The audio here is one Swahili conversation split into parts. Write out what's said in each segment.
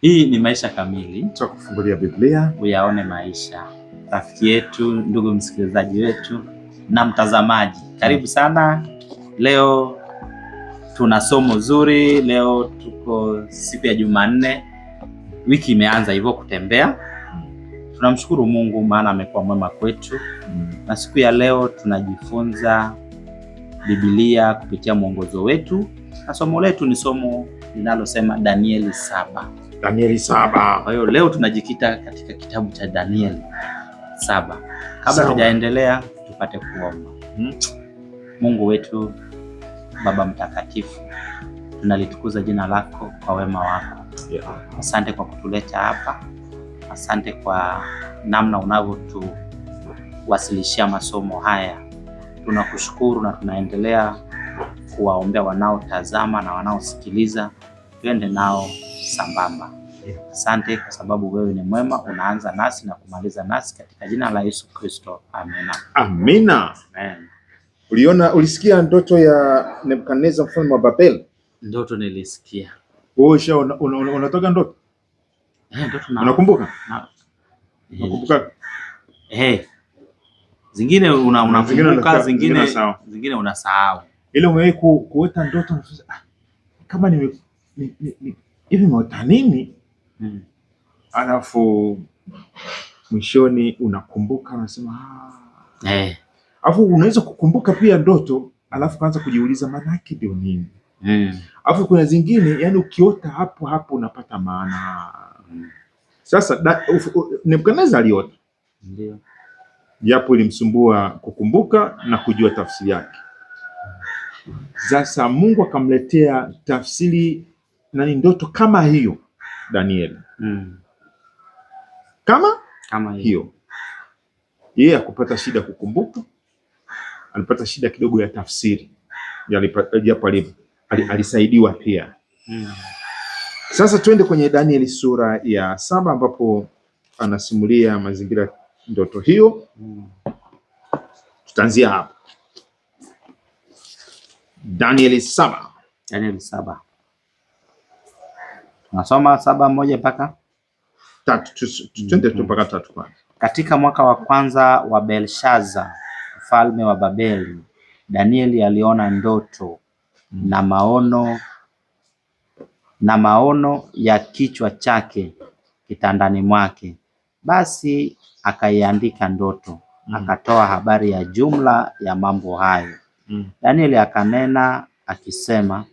Hii ni Maisha Kamili, tukufungulia Biblia uyaone maisha. Rafiki yetu, ndugu msikilizaji wetu na mtazamaji, karibu sana. Leo tuna somo zuri. Leo tuko siku ya Jumanne, wiki imeanza hivyo kutembea. Tunamshukuru Mungu maana amekuwa mwema kwetu, mm. na siku ya leo tunajifunza Biblia kupitia mwongozo wetu, na somo letu ni somo linalosema Danieli saba. Danieli saba. Ah, kwa hiyo leo tunajikita katika kitabu cha Danieli saba. Kabla tujaendelea, tupate kuomba. Hmm? Mungu wetu Baba mtakatifu, tunalitukuza jina lako kwa wema wako, yeah. Asante kwa kutuleta hapa, asante kwa namna unavyotuwasilishia masomo haya. Tunakushukuru na tunaendelea kuwaombea wanaotazama na wanaosikiliza, tuende nao sambamba. Asante kwa sababu wewe ni mwema, unaanza nasi na kumaliza nasi katika jina la Yesu Kristo, amina. Amina. Amen. Uliona, ulisikia ndoto ya Nebukadneza mfalme wa Babeli? Ndoto nilisikia. Wewe unatoka ndoto? Eh, ndoto na. Unakumbuka? Unakumbuka? Eh. Zingine unakumbuka, zingine zingine unasahau. Ile umewahi kuota ndoto ah, kama nime hivi umeota nini? Hmm. Alafu mwishoni unakumbuka unasema ah. eh. Alafu unaweza kukumbuka pia ndoto, alafu kwanza kujiuliza maana yake ndio nini? mm. Alafu kuna zingine yani ukiota hapo hapo unapata maana hmm. Sasa Nebukadneza aliota ndio, japo ilimsumbua kukumbuka na kujua tafsiri yake. Sasa Mungu akamletea tafsiri na ni ndoto kama hiyo daniel mm. kama kama hiyo yeye yeah, akupata shida kukumbuka, alipata shida kidogo ya tafsiri japo alisaidiwa pia mm. Sasa twende kwenye Danieli sura ya saba ambapo anasimulia mazingira ndoto hiyo mm. Tutaanzia hapo Danieli saba Danieli saba Nasoma saba moja mpaka tatu, Tuende tu mpaka tatu kwanza. Katika mwaka wa kwanza wa Belshaza mfalme wa Babeli, Danieli aliona ndoto na maono na maono ya kichwa chake kitandani mwake. Basi akaiandika ndoto mm. akatoa habari ya jumla ya mambo hayo mm. Danieli akanena akisema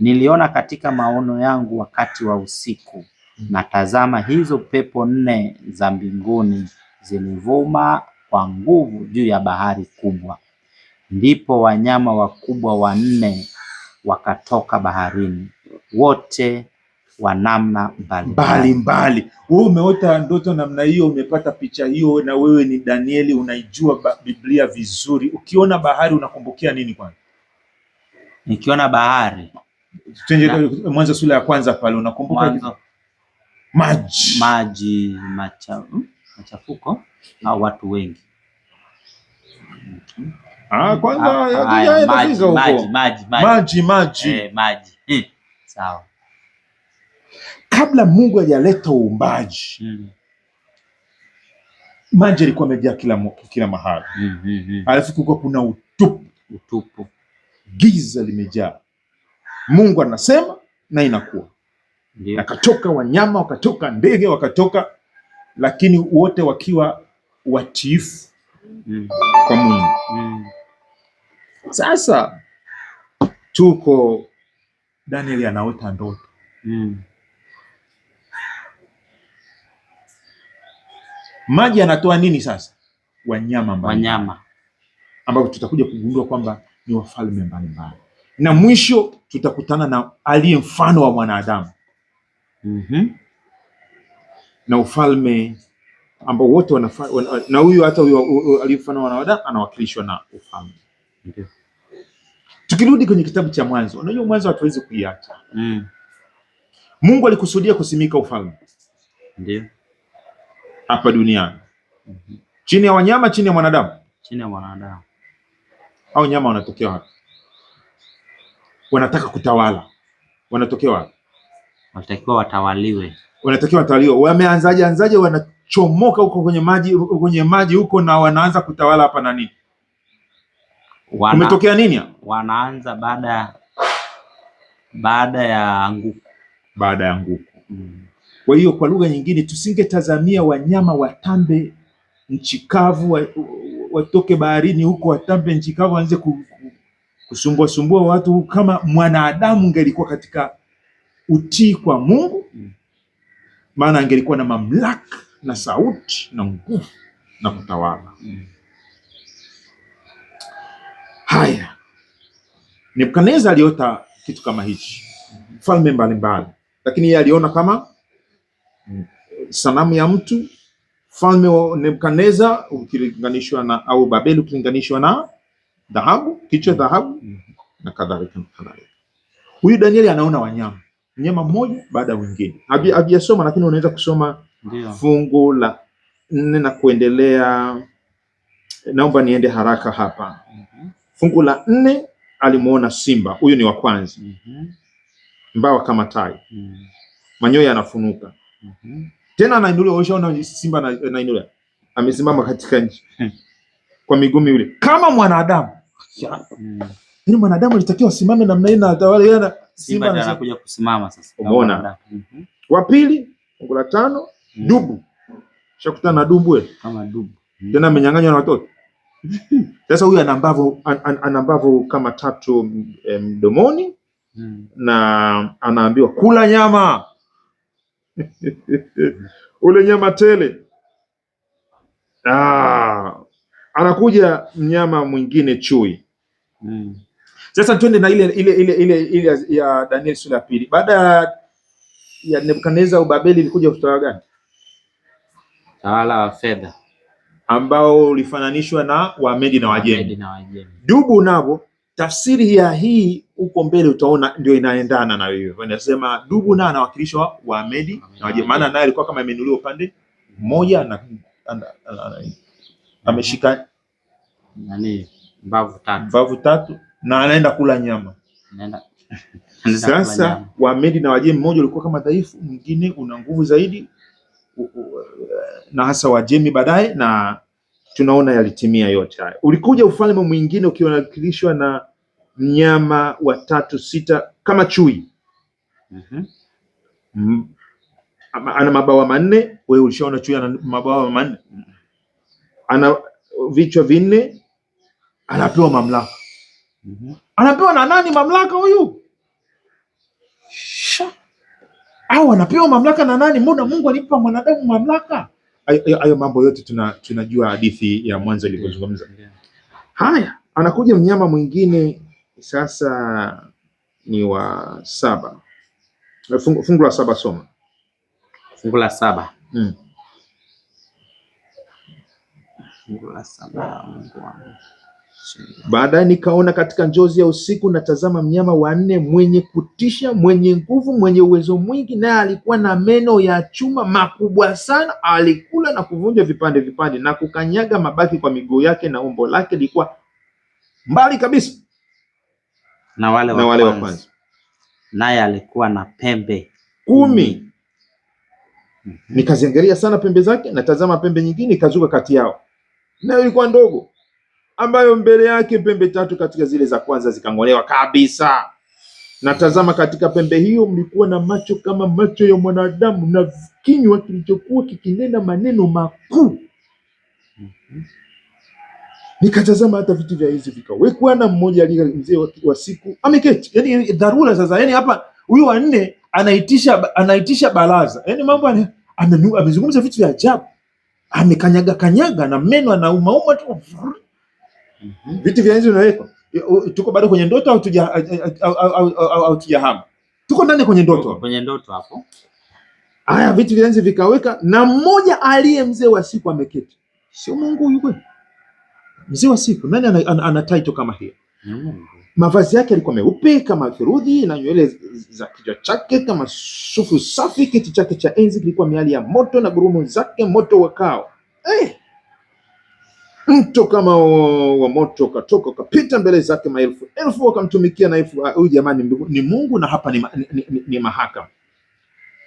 Niliona katika maono yangu wakati wa usiku, mm. na tazama hizo pepo nne za mbinguni zilivuma kwa nguvu juu ya bahari kubwa. Ndipo wanyama wakubwa wanne wakatoka baharini, wote wa namna mbalimbali mbali. Wewe umeota ndoto namna hiyo, umepata picha hiyo, na wewe ni Danieli, unaijua Biblia vizuri. Ukiona bahari unakumbukia nini kwanza? Nikiona bahari Mwanzo sura ya kwanza pale, unakumbuka maji maji macha, hmm? machafuko au watu wengi Ah, kwanza ah, maji maji maji maji maji eh, maji eh, sawa. Kabla Mungu hajaleta uumbaji mm. maji yalikuwa yamejaa kila, kila mahali mm, mm, mm. Alafu kulikuwa kuna utupu utupu, giza limejaa mm. Mungu anasema na inakuwa yeah. Wakatoka wanyama, wakatoka ndege, wakatoka lakini wote wakiwa watiifu mm. kwa Mungu mm. Sasa tuko Danieli anaota ndoto mm. maji anatoa nini sasa? Wanyama mbalimbali, wanyama ambao tutakuja kugundua kwamba ni wafalme mbalimbali na mwisho tutakutana na aliye mfano wa mwanadamu mm -hmm. na ufalme ambao wote na huyu hata huyu aliye mfano wa mwanadamu anawakilishwa na ufalme okay. Tukirudi kwenye kitabu cha Mwanzo, unajua Mwanzo hatuwezi kuiacha mm. Mungu alikusudia kusimika ufalme ndio hapa duniani mm -hmm. chini ya wanyama, chini ya mwanadamu, chini ya mwanadamu. Au nyama wanatokea wapi? wanataka kutawala, wanatokea wapi? Wanatakiwa watawaliwe, wanatakiwa watawaliwe. Wameanzaje? Anzaje? wanachomoka huko kwenye maji, kwenye maji huko, na wanaanza kutawala hapa na nini? Wana, umetokea nini? Wanaanza baada baada ya nguku, baada ya nguku mm. Kwa hiyo kwa lugha nyingine, tusingetazamia wanyama watambe nchi kavu, watoke baharini huko watambe nchi kavu, waanze kusumbuasumbua watu kama mwanadamu ungelikuwa katika utii kwa Mungu, maana angelikuwa na mamlaka na sauti na nguvu na kutawala. Haya, Nebukadneza aliota kitu kama hichi, falme mbalimbali, lakini yeye aliona kama mm, sanamu ya mtu falme wa Nebukadneza ukilinganishwa na au Babeli ukilinganishwa na dhahabu, kichwa dhahabu mm-hmm. na kadhalika na kadhalika. Huyu Danieli anaona wanyama, mnyama mmoja baada ya mwingine. Hajasoma mm-hmm. lakini unaweza kusoma Ndiyo. fungu la nne na kuendelea. Naomba niende haraka hapa. Mm-hmm. Fungu la nne alimuona simba, huyu ni wa kwanza, mbawa kama tai, manyoya yanafunuka tena anainuliwa. Ushaona simba anainuliwa, amesimama katika nchi kwa miguu miwili kama mwanadamu yao. Mm. Yaani mwanadamu alitakiwa asimame namna hii na atawale yana simba anakuja kusimama sasa. Umeona? Wa pili, fungu la tano, mm. dubu. Shakutana na dubu wewe? Kama dubu. Mm. Tena amenyang'anywa na watoto. Sasa huyu ana mbavu ana mbavu kama tatu eh, mdomoni mm, na anaambiwa kula nyama ule nyama tele. Ah, anakuja mnyama mwingine chui sasa twende na ile ile ile ile ile ya Danieli sura ya pili. Baada ya Nebukadneza Babeli ilikuja utawala gani? Utawala wa fedha ambao ulifananishwa na Wamedi na Wajemi. Dubu navo tafsiri ya hii huko mbele utaona ndio inaendana na hiyo. Wanasema dubu na anawakilishwa Wamedi na Wajemi, maana naye alikuwa kama imenuliwa upande mmoja na ameshika nani mbavu tatu, mbavu tatu na anaenda kula nyama anaenda... Sasa Wamedi na Wajemi, mmoja ulikuwa kama dhaifu, mwingine una nguvu zaidi, na hasa Wajemi baadaye, na tunaona yalitimia yote haya. Ulikuja ufalme mwingine ukiwakilishwa na mnyama wa tatu sita kama chui mm -hmm. ana mabawa manne. Wewe ulishaona chui ana mabawa manne, ana vichwa vinne anapewa mamlaka. Mhm. Anapewa na nani mamlaka huyu? Au anapewa mamlaka na nani? Mbona Mungu alimpa mwanadamu mamlaka? Hayo mambo yote tuna, tunajua hadithi ya mwanzo ilivyozungumza. Haya, anakuja mnyama mwingine sasa, ni wa saba. Fungu, fungu la saba, soma fungu la saba. mm. fungu la saba Mungu wangu Baadaye nikaona katika njozi ya usiku, natazama mnyama wa nne mwenye kutisha, mwenye nguvu, mwenye uwezo mwingi, naye alikuwa na meno ya chuma makubwa sana, alikula na kuvunja vipande vipande na kukanyaga mabaki kwa miguu yake, na umbo lake lilikuwa mbali kabisa na wale wa kwanza, naye alikuwa na pembe kumi. Nikaziangalia sana pembe zake, natazama pembe nyingine ikazuka kati yao, nayo ilikuwa ndogo ambayo mbele yake pembe tatu katika zile za kwanza zikang'olewa kabisa. natazama katika pembe hiyo mlikuwa na macho kama macho ya mwanadamu na kinywa kilichokuwa kikinena maneno makuu. Nikatazama hata viti vya enzi vikawekwa, na mmoja aliye mzee wa siku ameketi. Yani yaani, dharura sasa, yani hapa huyu wa nne anaitisha, anaitisha baraza, yani mambo amezungumza vitu vya ajabu, amekanyaga kanyaga na meno anaumauma tu -hmm. Vitu vya enzi vinawekwa. Tuko bado kwenye ndoto au tuja au tujahama? Tuko ndani kwenye ndoto, kwenye ndoto hapo. Haya, vitu vya enzi vikaweka, na mmoja aliye mzee wa siku ameketi. Sio Mungu huyu Mzee wa siku nani? Ana, ana, ana title kama hiyo mm. Mavazi yake yalikuwa meupe kama theruji na nywele za kichwa chake kama sufu safi. Kiti chake cha enzi kilikuwa miali ya moto na gurudumu zake moto wakao. Hey! Eh! mto kama wa moto ukatoka ukapita mbele zake, maelfu elfu wakamtumikia na elfu. Ah, huyu jamani ni Mungu na hapa ni, ni, ni, ni mahakama.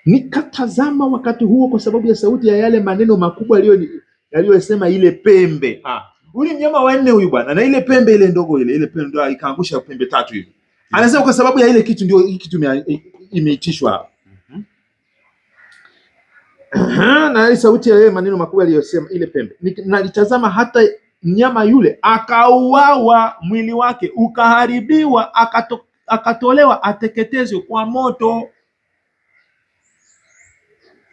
Nikatazama wakati huo kwa sababu ya sauti ya yale maneno makubwa yaliyosema ile pembe. Ah, huyu mnyama mnyama wanne huyu bwana, na ile pembe ile ndogo ile ile pembe ikaangusha pembe tatu hivi. Anasema kwa sababu ya ile kitu ndio kitu imeitishwa hapa na sauti ya yeye maneno makubwa aliyosema ile pembe. Nalitazama hata mnyama yule akauawa, mwili wake ukaharibiwa, akato, akatolewa ateketezwe kwa moto.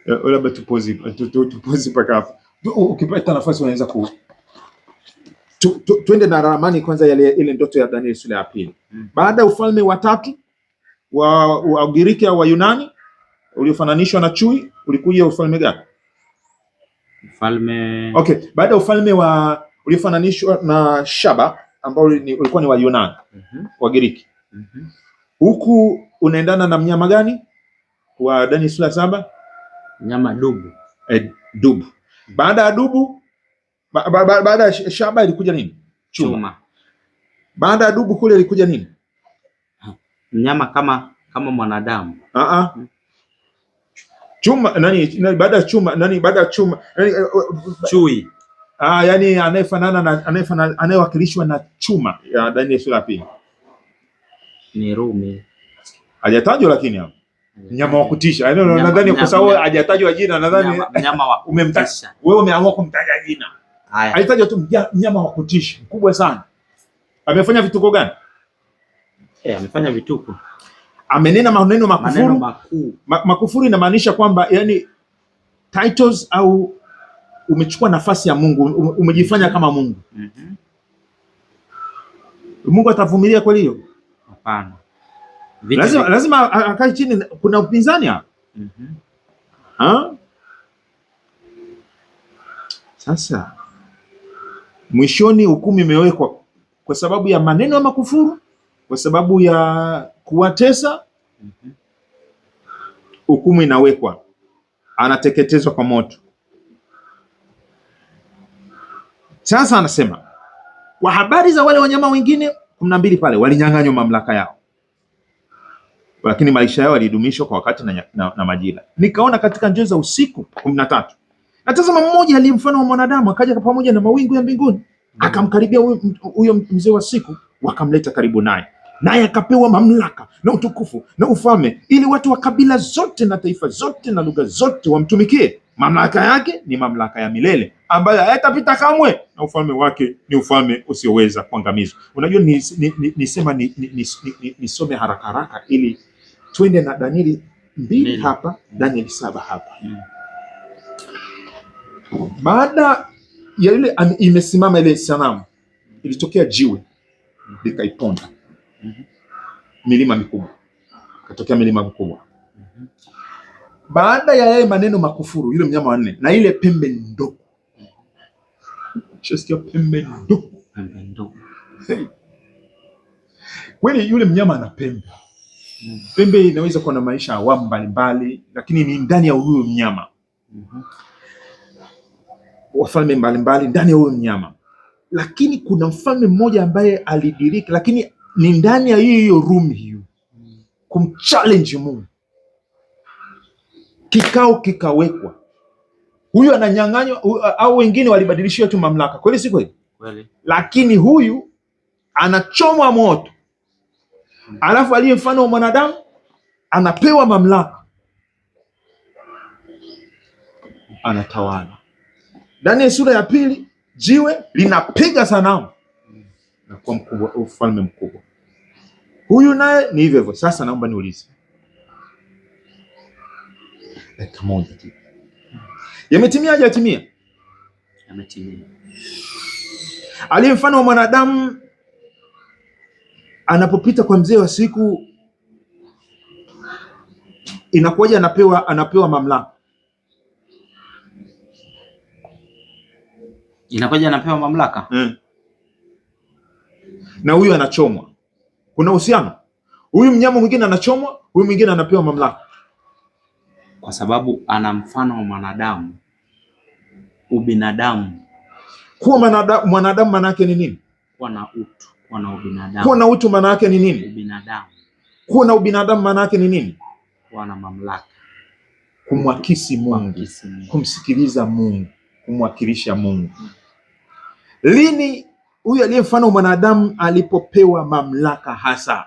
Eh, eh, labda tupozi eh, tupozi mpaka hapa. Ukipata nafasi unaweza ku tuende na ramani kwanza yale ile ndoto ya Danieli sura ya pili. Hmm. Baada ya ufalme watatu wa Ugiriki au wa Yunani uliofananishwa na chui ulikuja ufalme gani? Ufalme... Okay, baada ya ufalme wa uliofananishwa na shaba ambao ulikuwa ni wa Yunani mm -hmm. wa Wagiriki mm -hmm. huku unaendana na mnyama gani wa Danieli sura saba? Mnyama dubu E, dubu. Baada ya dubu ba, ba, ba, baada ya shaba ilikuja nini? Chuma, chuma. Baada ya dubu kule ilikuja nini? Mnyama kama kama mwanadamu. uh -uh chuma nani nani baada ya chuma nani baada ya chuma nani eh, eh, eh, chui ah, yani anayefanana na anayefanana anayewakilishwa na chuma ya Daniel sura ya pili ni Rumi, hajatajwa lakini hapo mnyama wa kutisha, yani nadhani kwa sababu hajatajwa jina, nadhani mnyama wa umemtisha wewe, umeamua kumtaja jina. Haya, alitajwa tu mnyama wa kutisha mkubwa sana. Amefanya vituko gani? Eh, amefanya vituko amenena maneno makufuru maneno makufuru inamaanisha kwamba yani titles au umechukua nafasi ya Mungu, um, umejifanya kama Mungu. mm -hmm. Mungu atavumilia kweli hiyo? Hapana, lazima, lazima akae chini. Kuna upinzani mm -hmm. Sasa mwishoni, hukumu imewekwa kwa sababu ya maneno ya makufuru kwa sababu ya kuwatesa, hukumu inawekwa, anateketezwa kwa moto. Sasa anasema kwa habari za wale wanyama wengine kumi na mbili pale walinyang'anywa mamlaka yao, lakini maisha yao yalidumishwa kwa wakati na, na, na majira. Nikaona katika njio za usiku kumi na tatu natazama mmoja aliye mfano wa mwanadamu akaja pamoja na mawingu ya mbinguni, mm-hmm. akamkaribia huyo mzee wa siku, wakamleta karibu naye naye akapewa mamlaka na utukufu na ufalme, ili watu wa kabila zote na taifa zote na lugha zote wamtumikie. Mamlaka yake ni mamlaka ya milele ambayo hayatapita kamwe, na ufalme wake ni ufalme usioweza kuangamizwa. Unajua, nisema ni, ni, ni, ni, ni, nisome haraka haraka ili twende na Danieli mbili hapa, Danieli saba hapa mm. baada ya ile imesimama ile sanamu, ilitokea jiwe likaiponda -hmm. milima mikubwa, katokea milima mikubwa mm -hmm. baada ya yale maneno makufuru, yule mnyama wa nne na ile pembe ndogo Shasikia pembe ndogo. Pembe ndogo. Kweli yule mnyama ana pembe. Mm-hmm. Pembe inaweza kuwa na maisha awamu mbalimbali, lakini ni ndani ya huyo mnyama mm -hmm. wafalme mbalimbali ndani ya huyo mnyama, lakini kuna mfalme mmoja ambaye alidiriki, lakini ni ndani ya hiyo hiyo room hiyo kumchallenge Mungu. Kikao kikawekwa, huyu ananyang'anywa au wengine walibadilishiwa tu mamlaka, kweli si kweli? Lakini huyu anachomwa moto, alafu aliye mfano wa mwanadamu anapewa mamlaka, anatawala. ya sura ya pili, jiwe linapiga sanamu na kuwa mkubwa, ufalme mkubwa. Huyu naye ni hivyo hivyo. Sasa naomba niulize dakika moja tu, yametimia hajatimia? Yametimia. Aliye mfano wa mwanadamu anapopita kwa mzee wa siku inakuwaje? Anapewa, anapewa mamlaka inakuwaje? Anapewa mamlaka mm na huyu anachomwa, kuna uhusiano. Huyu mnyama mwingine anachomwa, huyu mwingine anapewa mamlaka, kwa sababu ana mfano wa mwanadamu, ubinadamu. Kuwa mwanadamu maana yake ni nini? Kuwa na utu, kuwa na ubinadamu. Kuwa na utu maana yake ni nini? Ubinadamu. Kuwa na ubinadamu maana yake ni nini? Kuwa na mamlaka, kumwakisi Mungu, kumsikiliza Mungu, kumwakilisha Mungu. Lini huyu aliye mfano mwanadamu alipopewa mamlaka hasa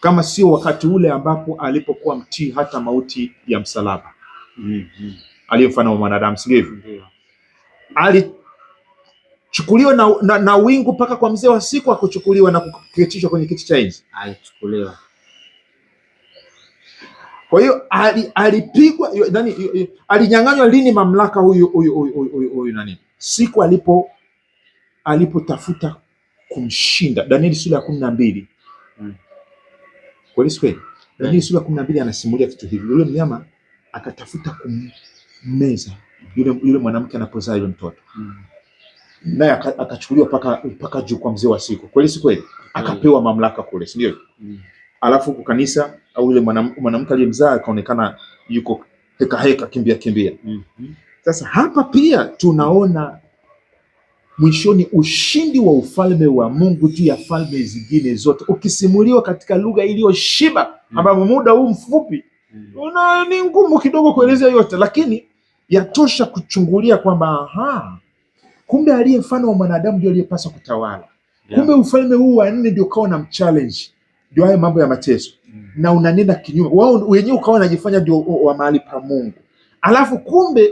kama sio wakati ule ambapo alipokuwa mtii hata mauti ya msalaba. mm -hmm. Aliye mfano wa mwanadamu, si mm -hmm. Alichukuliwa na, na, na wingu mpaka kwa mzee wa siku, akuchukuliwa na kuketishwa kwenye kiti cha enzi. Alichukuliwa. Kwa hiyo alipigwa, yani alinyang'anywa lini mamlaka huyu huyu huyu huyu nani? Siku alipo alipotafuta kumshinda Danieli sura ya kumi na mbili mm. kweli mm. Danieli sura ya kumi na mbili anasimulia kitu hivi, yule mnyama akatafuta kummeza yule, yule mwanamke anapozaa yule mtoto mm. naye akachukuliwa paka paka juu kwa mzee wa siku, kweli si kweli? Mm. Akapewa mamlaka kule, si ndio? mm. alafu kwa kanisa au yule mwanamke aliyemzaa akaonekana yuko heka heka, kimbia kimbia. mm -hmm. Sasa hapa pia tunaona mwishoni ushindi wa ufalme wa Mungu juu ya falme zingine zote, ukisimuliwa katika lugha iliyoshiba mm. ambapo muda huu mfupi mm. una ni ngumu kidogo kuelezea yote, lakini yatosha kuchungulia kwamba aha, kumbe aliye mfano wa mwanadamu ndio aliyepaswa kutawala. yeah. Kumbe ufalme huu wa nne ndio ukawa na mchallenge, ndio haya mambo ya mateso mm. na unanena kinyume wao wenyewe, ukawa unajifanya ndio wa mahali pa Mungu, alafu kumbe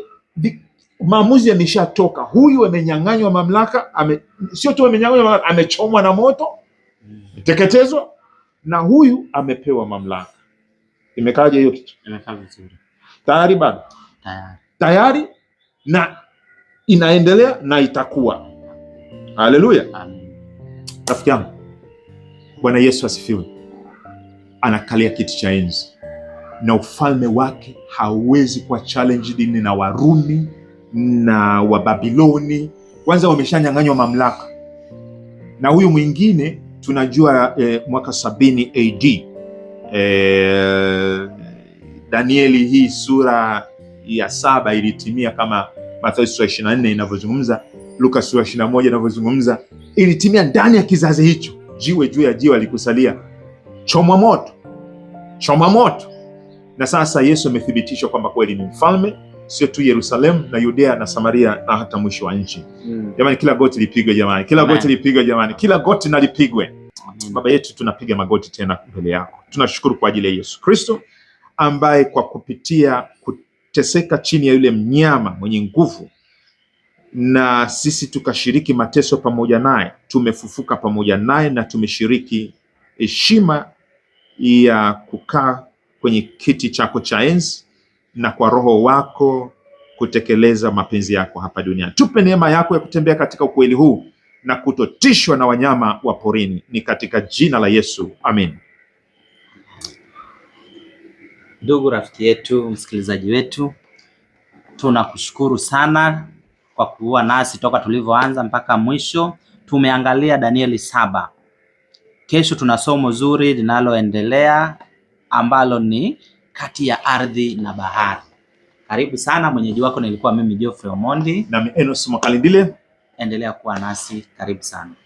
maamuzi yameshatoka. Huyu amenyang'anywa mamlaka ame, sio tu amenyang'anywa mamlaka, amechomwa na moto teketezwa, na huyu amepewa mamlaka. Imekaje hiyo kitu, imekaa vizuri tayari, bado tayari, tayari na inaendelea na itakuwa. Haleluya, rafiki yangu. Bwana Yesu asifiwe. Anakalia kiti cha enzi na ufalme wake hauwezi kuwa dini na Warumi na Wababiloni, kwanza wameshanyang'anywa mamlaka, na huyu mwingine tunajua eh, mwaka sabini AD eh, Danieli hii sura ya saba ilitimia kama Mathayo sura 24 inavyozungumza, Luka sura 21 inavyozungumza, ilitimia ndani ya kizazi hicho. Jiwe juu ya jiwe alikusalia, choma moto, choma moto. Na sasa Yesu amethibitishwa kwamba kweli ni mfalme sio tu Yerusalemu na Yudea na Samaria na hata mwisho wa nchi. Mm. Jamani, kila goti lipigwe jamani, kila Amen. goti lipigwe jamani, kila goti nalipigwe. Baba yetu, tunapiga magoti tena mbele yako. Tunashukuru kwa ajili ya Yesu Kristo ambaye kwa kupitia kuteseka chini ya yule mnyama mwenye nguvu na sisi tukashiriki mateso pamoja naye, tumefufuka pamoja naye na tumeshiriki heshima ya kukaa kwenye kiti chako cha enzi na kwa Roho wako kutekeleza mapenzi yako hapa duniani. Tupe neema yako ya kutembea katika ukweli huu na kutotishwa na wanyama wa porini, ni katika jina la Yesu, amin. Ndugu rafiki yetu, msikilizaji wetu, tunakushukuru sana kwa kuwa nasi toka tulivyoanza mpaka mwisho. Tumeangalia Danieli saba. Kesho tuna somo zuri linaloendelea ambalo ni kati ya ardhi na bahari. Karibu sana, mwenyeji wako nilikuwa mimi Geoffrey Omondi na mimi Enos Makalindile. Endelea kuwa nasi, karibu sana.